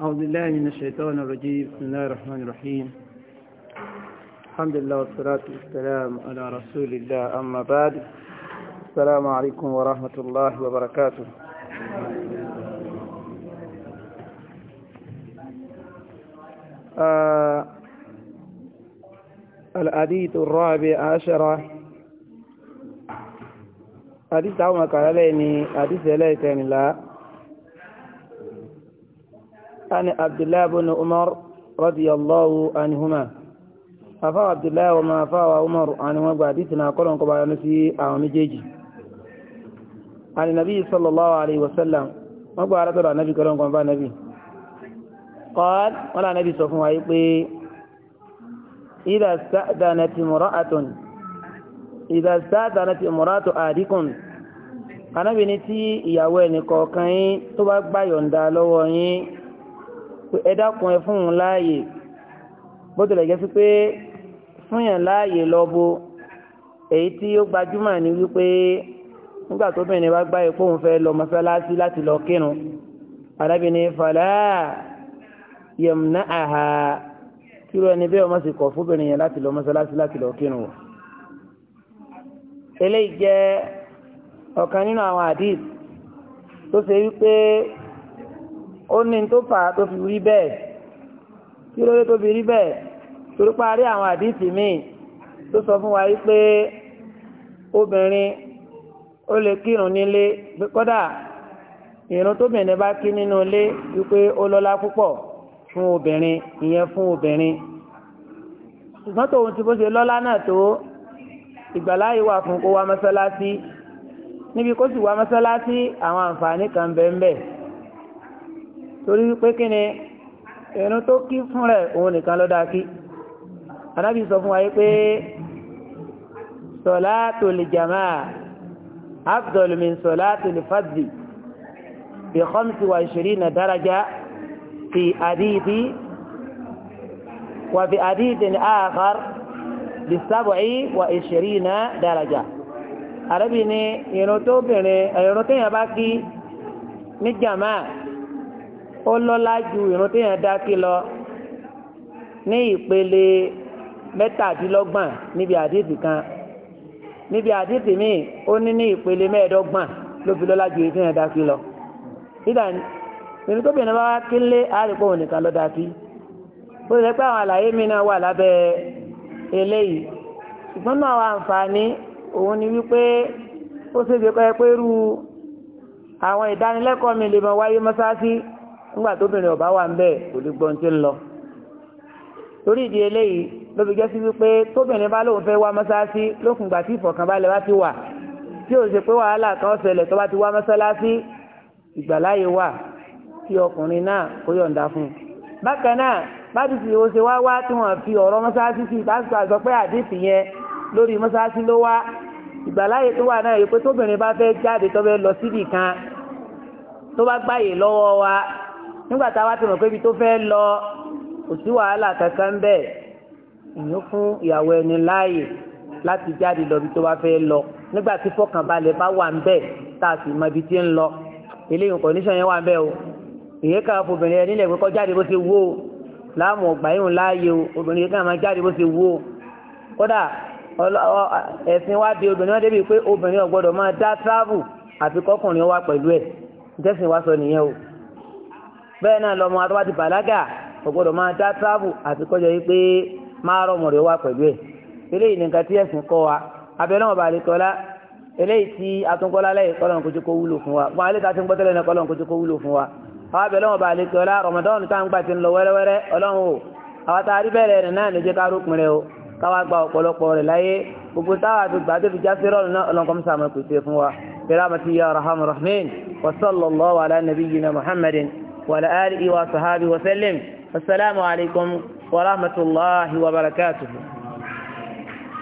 أعوذ بالله من الشيطان الرجيم بسم الله الرحمن الرحيم الحمد لله والصلاة والسلام على رسول الله أما بعد السلام عليكم ورحمة الله وبركاته آه الحديث الرابع عشر حديث عمك عليني حديث إليك لا عن عبد الله بن عمر رضي الله عنهما أفا عبد الله وما أفا عمر عنهما بعديثنا قولهم قبع نسي عام جيجي عن النبي صلى الله عليه وسلم ما قال ترى النبي قولهم قبع النبي قال ولا نبي صفوا يقول إذا استأذنت امرأة إذا استأذنت امرأة أحدكم anábìnrin tí ìyàwó ẹnì kọ̀ọ̀kan yín tó bá gbà yọ̀ǹda lọ́wọ́ yín ẹ dákun ẹ fún un láàyè bó tilẹ̀ jẹ́ sí pé fún yàn láàyè lọ́bo èyí tí ó gbajúmọ̀ ni wípé nígbà tó bìnrin bá gbáyé pé òun fẹ́ lọ mọ́sálásí láti lọ kírun arábìnrin fàlà yẹmúná àhà kíló ẹni bẹ́ẹ̀ ọmọ sì kọ̀ fúnbìnrin yẹn láti lọ mọ́sálásí láti lọ kírun eléyìí jẹ́ ọ̀kan nínú àwọn àdìs tó ṣe wípé ó ní tó fà á tó fi rí bẹ́ẹ̀ kí ló dé tó fi rí bẹ́ẹ̀ torí parí àwọn àdìsí míì tó sọ fún wa yìí pé obìnrin ó lè kírun nílé kódà ìrun tóbìnrin bá kí nínú ilé wípé ó lọ́lá púpọ̀ fún obìnrin ìyẹn fún obìnrin ṣùgbọ́n tòun ti bó ṣe lọ́lá náà tó ìgbàláyé wà fún kó wá mọ́sálásí níbi kó sì wá mọ́sálásí àwọn àǹfààní kan bẹ́ẹ̀ bẹ́ẹ̀ torí wípé kí ni ẹnu tó kí fún rẹ̀ òun nìkan ló dáa kí anábì sọ fún wa yí pé salatul jamaa afdal min salatul fadhi bi khamsi wa ishirina daraja fi hadithi wa fi hadithin akhar bi sab'i wa ishirina daraja arábì ni ìrun tó bìnrin ìrun téèyàn bá kí ní jamaa ó lọ́lá ju ìrun téèyàn dá kí lọ ní ìpele mẹ́tàdínlọ́gbọ̀n níbi àdìsí kan níbi àdìsí míì ó ní ní ìpele mẹ́ẹ̀ẹ́dọ́gbọ̀n ló fi lọ́lá ju ìrun dá kí lọ. nígbà ìrun tó bìnrin bá wá kí lé àárẹ̀pọ̀ òun nìkan ló dá kí bó ṣe pé àwọn àlàyé mi náà wà lábẹ́ eléyìí ṣùgbọ́n náà wà àǹfààní òun ni wípé ó ṣe é ṣe pé irú àwọn ìdánilẹ́kọ̀ọ́ mi lè mọ wáyé mọ́sáàsì nígbà tóbìnrin ọba wà ń bẹ̀ kò lè gbọ́n tí ń lọ torí ìdí eléyìí ló fi jẹ́ sí wípé tóbìnrin bá lóun fẹ́ wá mọ́sáàsì lókùngbà tí ìfọ̀kànbalẹ̀ bá ti wà tí ò ṣe pé wàhálà kan ṣẹlẹ̀ tó bá ti wá mọ́sálásí ìgbàláyé wà tí ọkùnrin náà kó yọ̀ǹda fún un bákan náà bádìsí ó ṣe wá wá tí wọ́n fi ọ̀rọ̀ mọ́sálásí sí ìbáṣepọ̀ àṣọ pé àdìsí yẹn lórí mọ́sálásí ló wá ìgbàláyé tó wà náà yìí pé tóbìnrin bá fẹ́ jáde tó fẹ́ lọ síbì kan tó bá gbáyè lọ́wọ́ wa nígbà tá a wá ti mọ̀ pé ibi tó fẹ́ lọ kò sí wàhálà kankan bẹ́ẹ̀ ìyún fún ìyàwó ẹni láàyè láti jáde lọ ibi tó bá fẹ́ lọ nígbà tí fọkànbalẹ̀ bá wà ń bẹ̀ tá a sì mọ ibi tí ń lọ eléyìí kọ̀ndíṣàn yẹn wà ń bẹ̀ o ìyẹn kan obìnrin ẹni lẹ̀ kọ́ jáde bó ṣe wó o láàmú ọgbà yìí ń láàyè o obìnrin yìí kan máa jáde bó ṣe wó o kódà ẹ̀sìn wa di obìnrin wa débi pé obìnrin ò máa dá travel àfi kọ́kùnrin wa pẹ̀lú ẹ̀ ìjẹ́sìn wa sọ nìyẹn o bẹ́ẹ̀ náà lọ́mọ àtọ́wá ti bàlágà ọ̀gbọ́dọ̀ máa dá tíráàbù àti kọjọ yìí pé máa rọmọ rẹ̀ wá pẹ̀lú ẹ̀ eléyìí nìkan tí ẹ̀sìn kọ́ wa abẹ́rẹ́ wọn bá lè tọ́lá eléyìí tí atúnkọ́lá lẹ́yìn kọ́lọ́n kojú kó wúlò fún wa fún alẹ́ tá a ti ń gbọ́ tẹ́lẹ̀ náà kọ́lọ́n kojú kó wúlò fún wa àwọn abẹ́rẹ́ wọn bá lè tọ́lá rọmọdọ́ọ̀nù tá à ń gbà وعلى آله وصحابه وسلم السلام عليكم ورحمة الله وبركاته